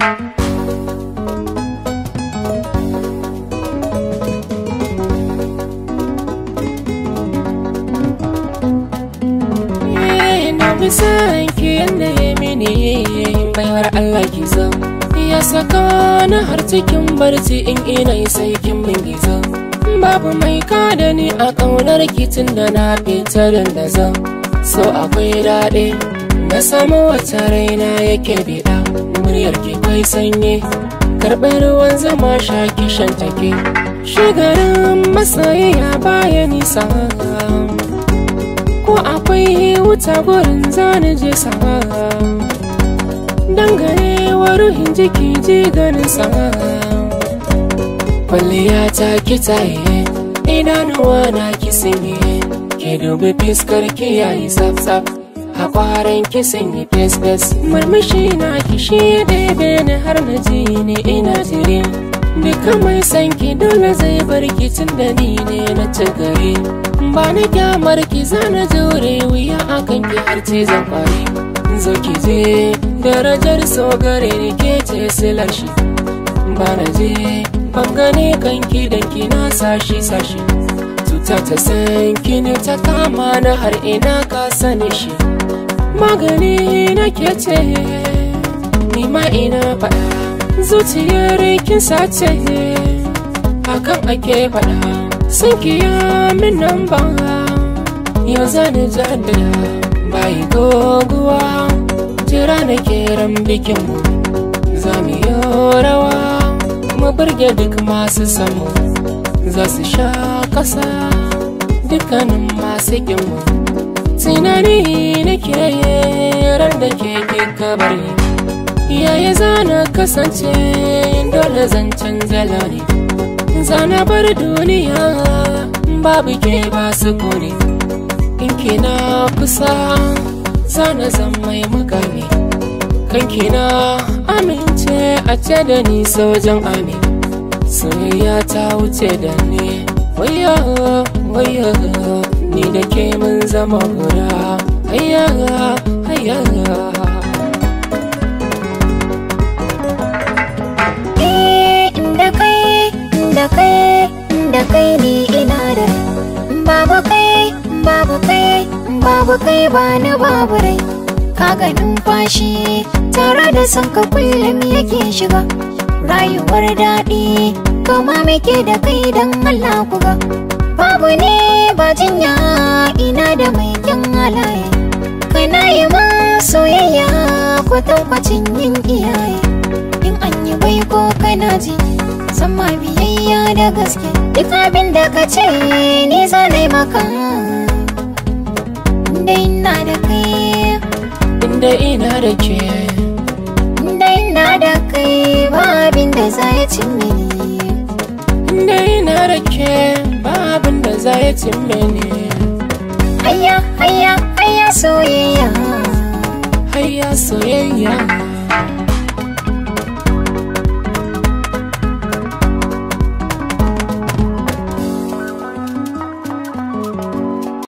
Eh, san ki yadda ya mini baiwar Allah ki san ya saka na har cikin barci in ina sai kin min giza babu mai kada ni a kaunar ki tun da na fita da zan so akwai daɗi na samu wata raina yake biɗa muryar ke kai sanye. karɓar ruwan zama sha kishan take shigarin ya baya nisa ko akwai wuta gurin zani je sama dangane wa ruhin jiki ji ganin sama kwalliya ta kitaye idanuwa na kisinye ke dubi fiskar kiyaye tsaf-tsaf kwarin kisan yi fes-fes murmushi na kishi ya ɗebe har na ji ne ina jiri duka mai sanki ki dole zai bar ki tun da ni ne na ci ba na kyamar ki zana jure wuya akan ki har ce zan fari zo ki je darajar so gare ni ke ce silar shi ba na je bangane kan kidan dan ki na sashi sashi cuta ta san ne ta kama na har ina ka sani shi magani nake ce ni ma ina faɗa zuciyar kin sace hakan ake faɗa sun kiya min nan ba yau zani jaddada bai goguwa jira na kiran bikin mu za mu yi rawa mu burge duk masu samu za su sha ƙasa dukkanin masu gimmu tunani nake yi daren da ke ka bari yaya zana kasance dole zan canza lani zana bar duniya babu ke ba su kone in na kusa zana zan mai mukami kan na amince a ce da ni sojan amin soyayya ta wuce da ni waya waya ni da ke mun zama guda ayyaga Inda kai, kai, kai ne ina da Babu kai, babu kai, babu kai ba babu rai Kaga numfashi tare da sanka kullum yake shiga Rayuwar daɗi, kama muke da kai don Allah kuga Babu ne ba jinya ina da mai kyan halaye Kana yi ma kwacin yin iyaye in an yi bai ko kana ji sama biyayya da gaske duk abin da ka ce ni zanai maka inda ina da kai inda ina da ke inda ina da kai ba abin da za ya ci mini inda ina da ke ba abin da za ya ci mini ay'a aya, aya soyayya ayya soyayya